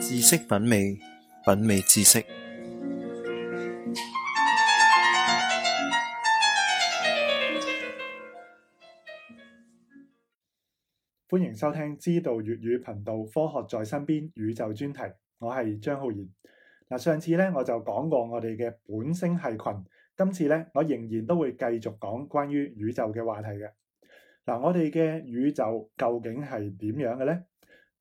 知識品味，品味知識。歡迎收聽知道粵語頻道《科學在身邊》宇宙專題。我係張浩然嗱。上次咧我就講過我哋嘅本星系群，今次咧我仍然都會繼續講關於宇宙嘅話題嘅嗱。我哋嘅宇宙究竟係點樣嘅呢？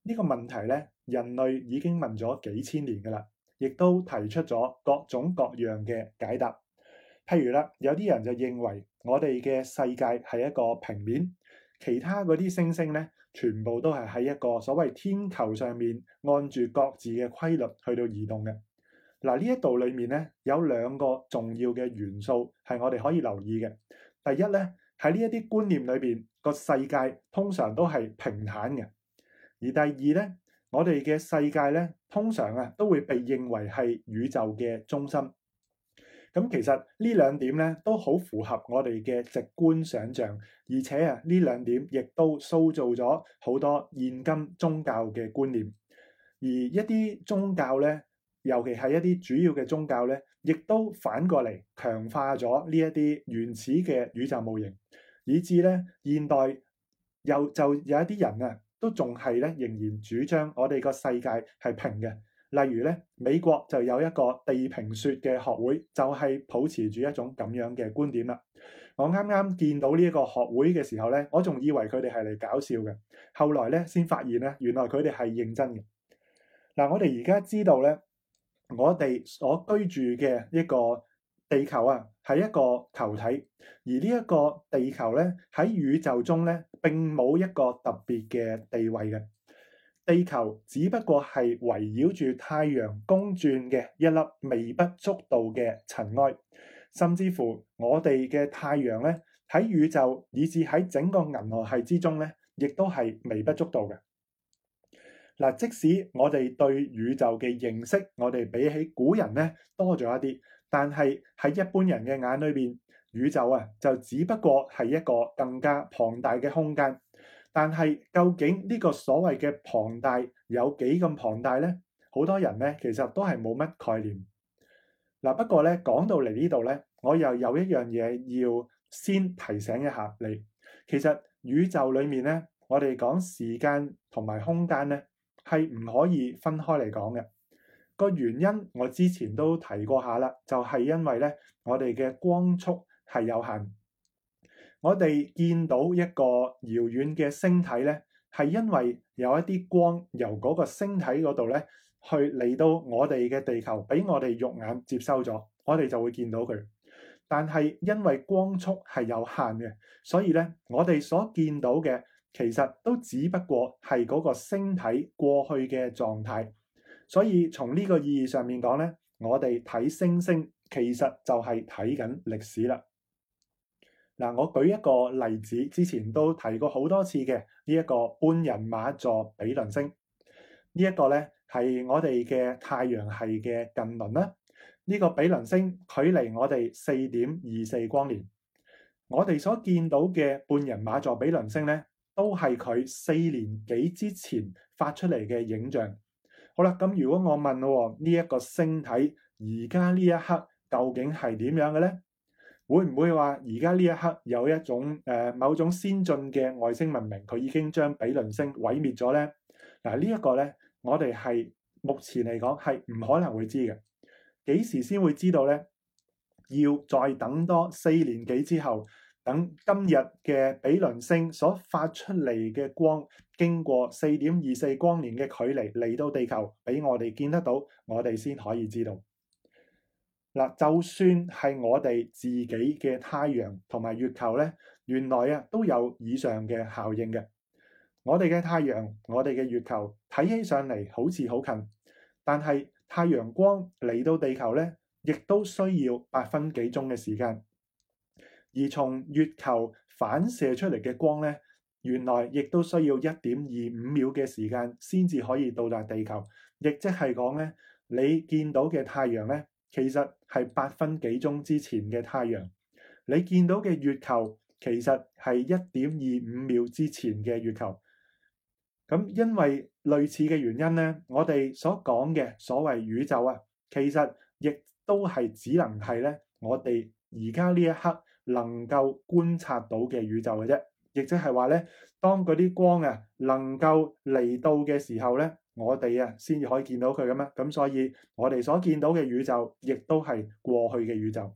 呢個問題咧，人類已經問咗幾千年㗎喇，亦都提出咗各種各樣嘅解答。譬如啦，有啲人就認為我哋嘅世界係一個平面，其他嗰啲星星咧，全部都係喺一個所謂天球上面按住各自嘅規律去到移動嘅。嗱，嗯，呢一度裏面咧，有兩個重要嘅元素係我哋可以留意嘅。第一咧，喺呢一啲觀念裏邊，個世界通常都係平坦嘅。而第二咧，我哋嘅世界咧，通常啊都會被認為係宇宙嘅中心。咁其實呢兩點咧，都好符合我哋嘅直觀想象，而且啊呢兩點亦都塑造咗好多現今宗教嘅觀念。而一啲宗教咧，尤其係一啲主要嘅宗教咧，亦都反過嚟強化咗呢一啲原始嘅宇宙模型，以至咧現代又就有一啲人啊。都仲係咧，仍然主張我哋個世界係平嘅。例如咧，美國就有一個地平說嘅學會，就係保持住一種咁樣嘅觀點啦。我啱啱見到呢一個學會嘅時候咧，我仲以為佢哋係嚟搞笑嘅，後來咧先發現咧，原來佢哋係認真嘅。嗱，我哋而家知道咧，我哋所居住嘅一個地球啊，係一個球體，而呢一個地球咧喺宇宙中咧。並冇一個特別嘅地位嘅，地球只不過係圍繞住太陽公轉嘅一粒微不足道嘅塵埃，甚至乎我哋嘅太陽呢，喺宇宙以至喺整個銀河系之中呢，亦都係微不足道嘅。嗱，即使我哋對宇宙嘅認識，我哋比起古人呢多咗一啲，但係喺一般人嘅眼裏邊，宇宙啊，就只不過係一個更加龐大嘅空間，但係究竟呢個所謂嘅龐大有幾咁龐大呢？好多人呢，其實都係冇乜概念。嗱，不過咧講到嚟呢度呢，我又有一樣嘢要先提醒一下你。其實宇宙裏面呢，我哋講時間同埋空間呢，係唔可以分開嚟講嘅。個原因我之前都提過下啦，就係因為呢，我哋嘅光速，係有限，我哋見到一個遙遠嘅星體咧，係因為有一啲光由嗰個星體嗰度咧去嚟到我哋嘅地球，俾我哋肉眼接收咗，我哋就會見到佢。但係因為光速係有限嘅，所以咧我哋所見到嘅其實都只不過係嗰個星體過去嘅狀態。所以從呢個意義上面講咧，我哋睇星星其實就係睇緊歷史啦。嗱，我舉一個例子，之前都提過好多次嘅呢一個半人馬座比鄰星，這個、呢一個咧係我哋嘅太陽系嘅近鄰啦。呢、這個比鄰星距離我哋四點二四光年，我哋所見到嘅半人馬座比鄰星咧，都係佢四年幾之前發出嚟嘅影像。好啦，咁如果我問喎，呢一個星體而家呢一刻究竟係點樣嘅咧？會唔會話而家呢一刻有一種誒、呃、某種先進嘅外星文明，佢已經將比鄰星毀滅咗呢？嗱，呢一個呢，我哋係目前嚟講係唔可能會知嘅。幾時先會知道呢？要再等多四年幾之後，等今日嘅比鄰星所發出嚟嘅光經過四點二四光年嘅距離嚟到地球，俾我哋見得到，我哋先可以知道。嗱，就算係我哋自己嘅太陽同埋月球咧，原來啊都有以上嘅效應嘅。我哋嘅太陽，我哋嘅月球，睇起上嚟好似好近，但係太陽光嚟到地球咧，亦都需要八分幾鐘嘅時間；而從月球反射出嚟嘅光咧，原來亦都需要一點二五秒嘅時間先至可以到達地球。亦即係講咧，你見到嘅太陽咧，其實係八分幾鐘之前嘅太陽，你見到嘅月球其實係一點二五秒之前嘅月球。咁因為類似嘅原因呢，我哋所講嘅所謂宇宙啊，其實亦都係只能係呢——我哋而家呢一刻能夠觀察到嘅宇宙嘅啫。亦即係話呢，當嗰啲光啊能夠嚟到嘅時候呢。我哋啊，先至可以見到佢㗎嘛。咁所以我哋所見到嘅宇宙，亦都係過去嘅宇宙。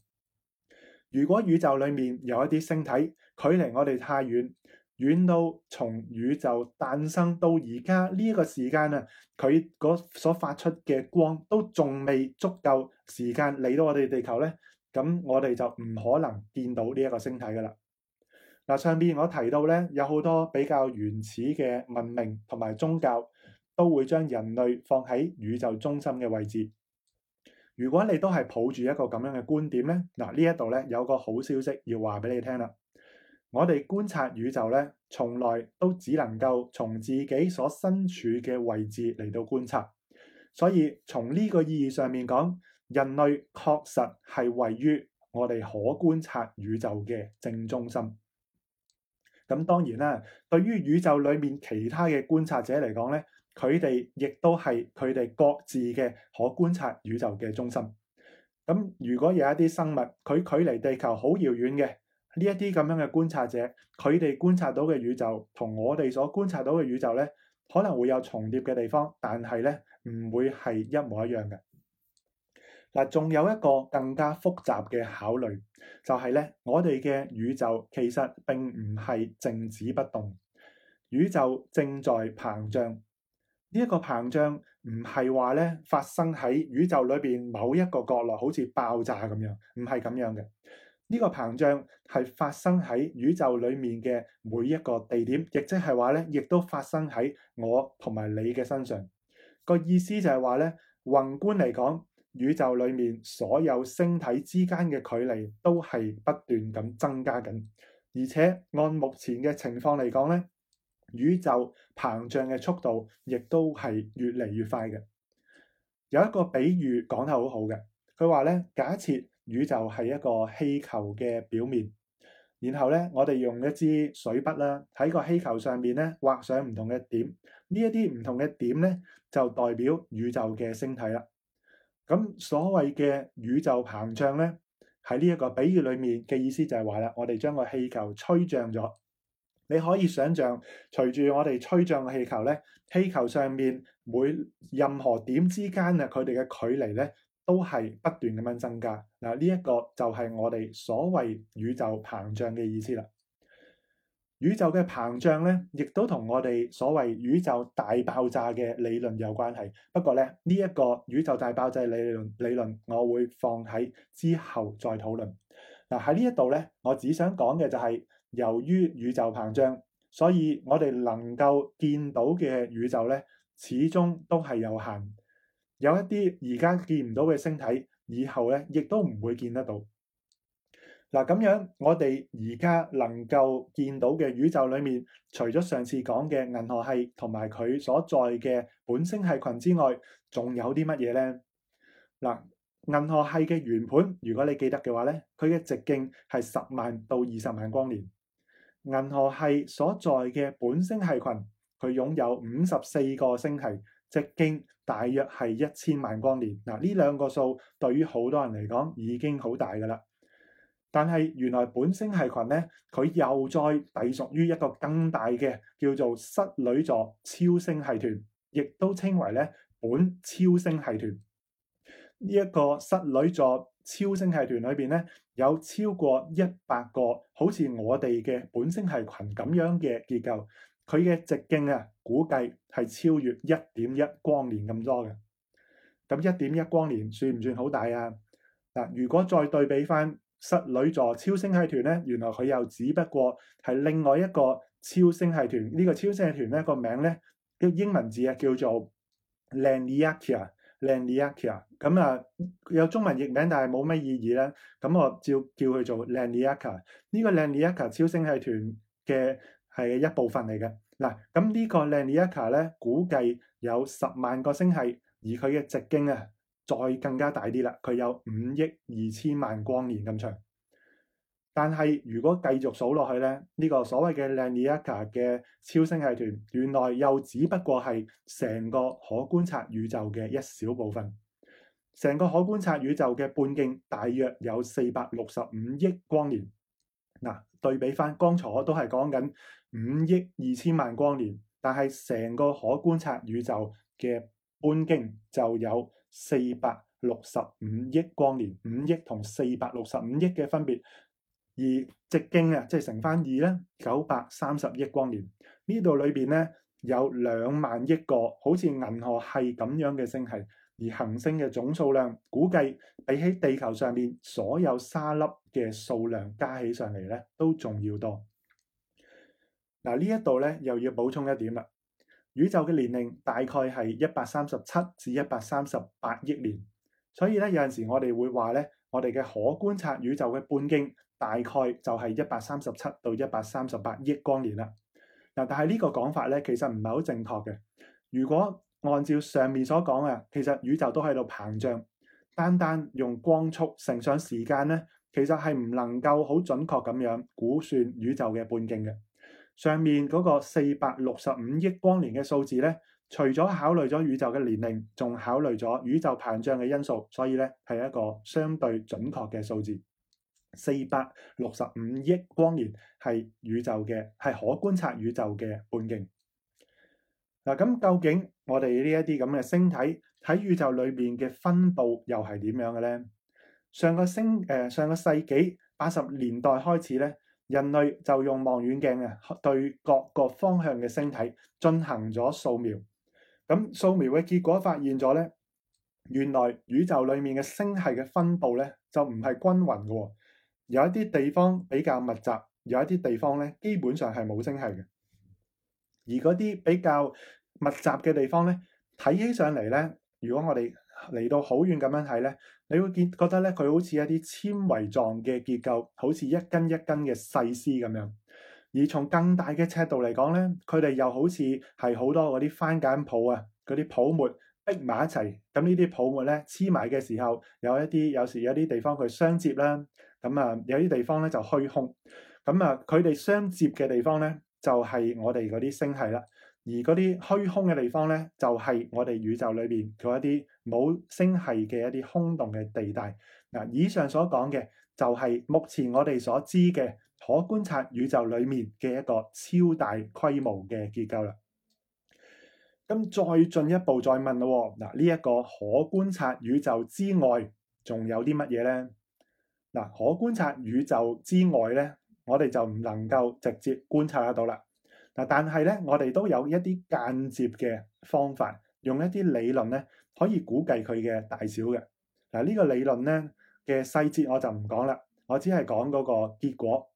如果宇宙裏面有一啲星體，距離我哋太遠，遠到從宇宙誕生到而家呢一個時間啊，佢所發出嘅光都仲未足夠時間嚟到我哋地球咧，咁我哋就唔可能見到呢一個星體噶啦。嗱，上面我提到咧，有好多比較原始嘅文明同埋宗教。都會將人類放喺宇宙中心嘅位置。如果你都係抱住一個咁樣嘅觀點呢，嗱呢一度呢，有個好消息要話俾你聽啦。我哋觀察宇宙呢，從來都只能夠從自己所身處嘅位置嚟到觀察。所以從呢個意義上面講，人類確實係位於我哋可觀察宇宙嘅正中心。咁當然啦，對於宇宙裏面其他嘅觀察者嚟講呢。佢哋亦都係佢哋各自嘅可觀察宇宙嘅中心。咁如果有一啲生物，佢距離地球好遙遠嘅呢一啲咁樣嘅觀察者，佢哋觀察到嘅宇宙同我哋所觀察到嘅宇宙咧，可能會有重疊嘅地方，但係咧唔會係一模一樣嘅。嗱，仲有一個更加複雜嘅考慮，就係咧，我哋嘅宇宙其實並唔係靜止不動，宇宙正在膨脹。呢一個膨脹唔係話咧發生喺宇宙裏邊某一個角落，好似爆炸咁樣，唔係咁樣嘅。呢個膨脹係發生喺宇宙裏面嘅每一個地點，亦即係話咧，亦都發生喺我同埋你嘅身上。個意思就係話咧，宏觀嚟講，宇宙裏面所有星體之間嘅距離都係不斷咁增加緊，而且按目前嘅情況嚟講咧。宇宙膨脹嘅速度亦都係越嚟越快嘅。有一個比喻講得好好嘅，佢話咧：假設宇宙係一個氣球嘅表面，然後咧我哋用一支水筆啦喺個氣球上面咧畫上唔同嘅點，點呢一啲唔同嘅點咧就代表宇宙嘅星體啦。咁所謂嘅宇宙膨脹咧喺呢一個比喻裏面嘅意思就係話啦，我哋將個氣球吹脹咗。你可以想象，隨住我哋吹脹嘅氣球咧，氣球上面每任何點之間啊，佢哋嘅距離咧都係不斷咁樣增加。嗱，呢一個就係我哋所謂宇宙膨脹嘅意思啦。宇宙嘅膨脹咧，亦都同我哋所謂宇宙大爆炸嘅理論有關係。不過咧，呢一個宇宙大爆炸理論理論，我會放喺之後再討論。嗱，喺呢一度咧，我只想講嘅就係。由於宇宙膨脹，所以我哋能夠見到嘅宇宙呢，始終都係有限。有一啲而家見唔到嘅星體，以後呢亦都唔會見得到。嗱，咁樣我哋而家能夠見到嘅宇宙裏面，除咗上次講嘅銀河系同埋佢所在嘅本星系群之外，仲有啲乜嘢呢？嗱，銀河系嘅圓盤，如果你記得嘅話呢，佢嘅直徑係十萬到二十萬光年。銀河系所在嘅本星系群，佢擁有五十四個星系，直徑大約係一千萬光年。嗱，呢兩個數對於好多人嚟講已經好大㗎喇。但係原來本星系群呢，佢又再隸屬於一個更大嘅，叫做室女座超星系團，亦都稱為呢本超星系團。呢、這、一個室女座。超星系團裏邊咧有超過一百個好似我哋嘅本星系群咁樣嘅結構，佢嘅直徑啊估計係超越一點一光年咁多嘅。咁一點一光年算唔算好大啊？嗱，如果再對比翻室女座超星系團咧，原來佢又只不過係另外一個超星系團。呢個超星系團咧個名咧英文字啊叫做 Laniakea 靚尼雅卡咁啊，有中文譯名，但係冇乜意義咧。咁我照叫佢做靚尼雅卡。呢個靚尼雅卡超星系團嘅係一部分嚟嘅。嗱，咁、這個、呢個靚尼雅卡咧，估計有十萬個星系，而佢嘅直徑啊，再更加大啲啦。佢有五億二千萬光年咁長。但係如果繼續數落去咧，呢、這個所謂嘅拉尼亞凱亞嘅超星系團，原來又只不過係成個可觀察宇宙嘅一小部分。成個可觀察宇宙嘅半徑大約有四百六十五億光年。嗱、啊，對比翻剛才我都係講緊五億二千萬光年，但係成個可觀察宇宙嘅半徑就有四百六十五億光年。五億同四百六十五億嘅分別。而直徑啊，即係乘翻二咧，九百三十億光年呢度裏邊咧，有兩萬億個好似銀河系咁樣嘅星系，而恆星嘅總數量估計比起地球上面所有沙粒嘅數量加起上嚟咧，都仲要多。嗱、呢一度咧，又要補充一點啦，宇宙嘅年齡大概係一百三十七至一百三十八億年，所以咧有陣時我哋會話咧。我哋嘅可觀察宇宙嘅半徑大概就係一百三十七到一百三十八億光年啦。嗱，但係呢個講法咧，其實唔係好正確嘅。如果按照上面所講嘅，其實宇宙都喺度膨脹，單單用光速乘上時間咧，其實係唔能夠好準確咁樣估算宇宙嘅半徑嘅。上面嗰個四百六十五億光年嘅數字咧。除咗考慮咗宇宙嘅年齡，仲考慮咗宇宙膨脹嘅因素，所以咧，係一個相對準確嘅數字，四百六十五億光年係宇宙嘅係可觀察宇宙嘅半徑。嗱，咁究竟我哋呢一啲咁嘅星體喺宇宙裏面嘅分布又係點樣嘅咧？上個星誒、呃、上個世紀八十年代開始咧，人類就用望遠鏡啊，對各個方向嘅星體進行咗掃描。咁掃描嘅結果發現咗咧，原來宇宙裡面嘅星系嘅分布咧就唔係均勻嘅，有一啲地方比較密集，有一啲地方咧基本上係冇星系嘅。而嗰啲比較密集嘅地方咧，睇起上嚟咧，如果我哋嚟到好遠咁樣睇咧，你會見覺得咧佢好似一啲纖維狀嘅結構，好似一根一根嘅細絲咁樣。而從更大嘅尺度嚟講咧，佢哋又好似係好多嗰啲番鹼泡啊，嗰啲泡沫逼埋一齊，咁呢啲泡沫咧黐埋嘅時候，有一啲有時有啲地方佢相接啦，咁啊有啲地方咧就虛空，咁啊佢哋相接嘅地方咧就係我哋嗰啲星系啦，而嗰啲虛空嘅地方咧就係我哋宇宙裏邊嗰一啲冇星系嘅一啲空洞嘅地帶。嗱，以上所講嘅就係目前我哋所知嘅。可觀察宇宙裏面嘅一個超大規模嘅結構啦。咁再進一步再問咯喎，嗱呢一個可觀察宇宙之外，仲有啲乜嘢呢？嗱，可觀察宇宙之外呢，我哋就唔能夠直接觀察得到啦。嗱，但係呢，我哋都有一啲間接嘅方法，用一啲理論呢，可以估計佢嘅大小嘅。嗱，呢個理論呢嘅細節我就唔講啦，我只係講嗰個結果。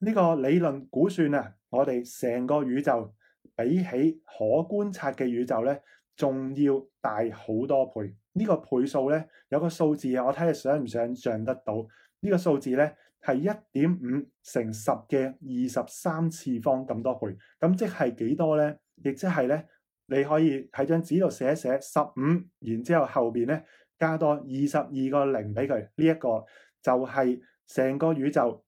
呢個理論估算啊，我哋成個宇宙比起可觀察嘅宇宙咧，仲要大好多倍。呢個倍數咧，有個數字啊，我睇你想唔想像得到？呢個數字咧係一點五乘十嘅二十三次方咁多倍。咁即係幾多咧？亦即係咧，你可以喺張紙度寫一寫十五，然之後後邊咧加多二十二個零俾佢。呢一個就係成個宇宙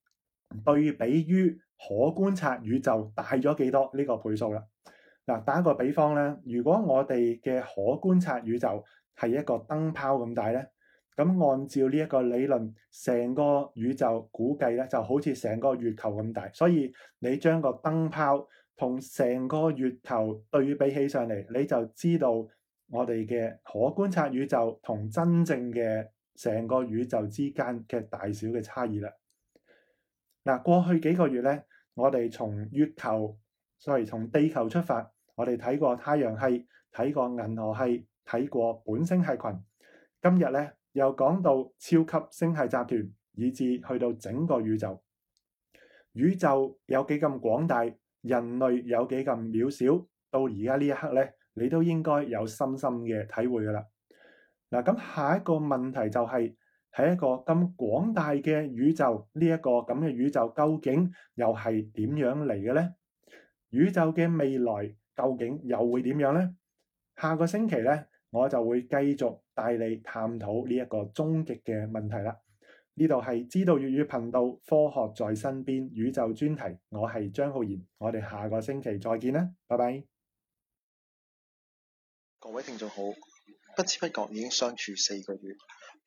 對比於可觀察宇宙大咗幾多呢個倍數啦？嗱，打個比方咧，如果我哋嘅可觀察宇宙係一個燈泡咁大咧，咁按照呢一個理論，成個宇宙估計咧就好似成個月球咁大。所以你將個燈泡同成個月球對比起上嚟，你就知道我哋嘅可觀察宇宙同真正嘅成個宇宙之間嘅大小嘅差異啦。嗱，過去幾個月咧，我哋從月球，所以從地球出發，我哋睇過太陽系，睇過銀河系，睇過本星系群，今日咧又講到超級星系集團，以至去到整個宇宙。宇宙有幾咁廣大，人類有幾咁渺小，到而家呢一刻咧，你都應該有深深嘅體會噶啦。嗱，咁下一個問題就係，係一個咁廣大嘅宇宙，呢一個咁嘅宇宙究竟又係點樣嚟嘅呢？宇宙嘅未來究竟又會點樣呢？下個星期呢，我就會繼續帶你探討呢一個終極嘅問題啦。呢度係知道粵語頻道科學在身邊宇宙專題，我係張浩然，我哋下個星期再見啦，拜拜。各位聽眾好，不知不覺已經相處四個月。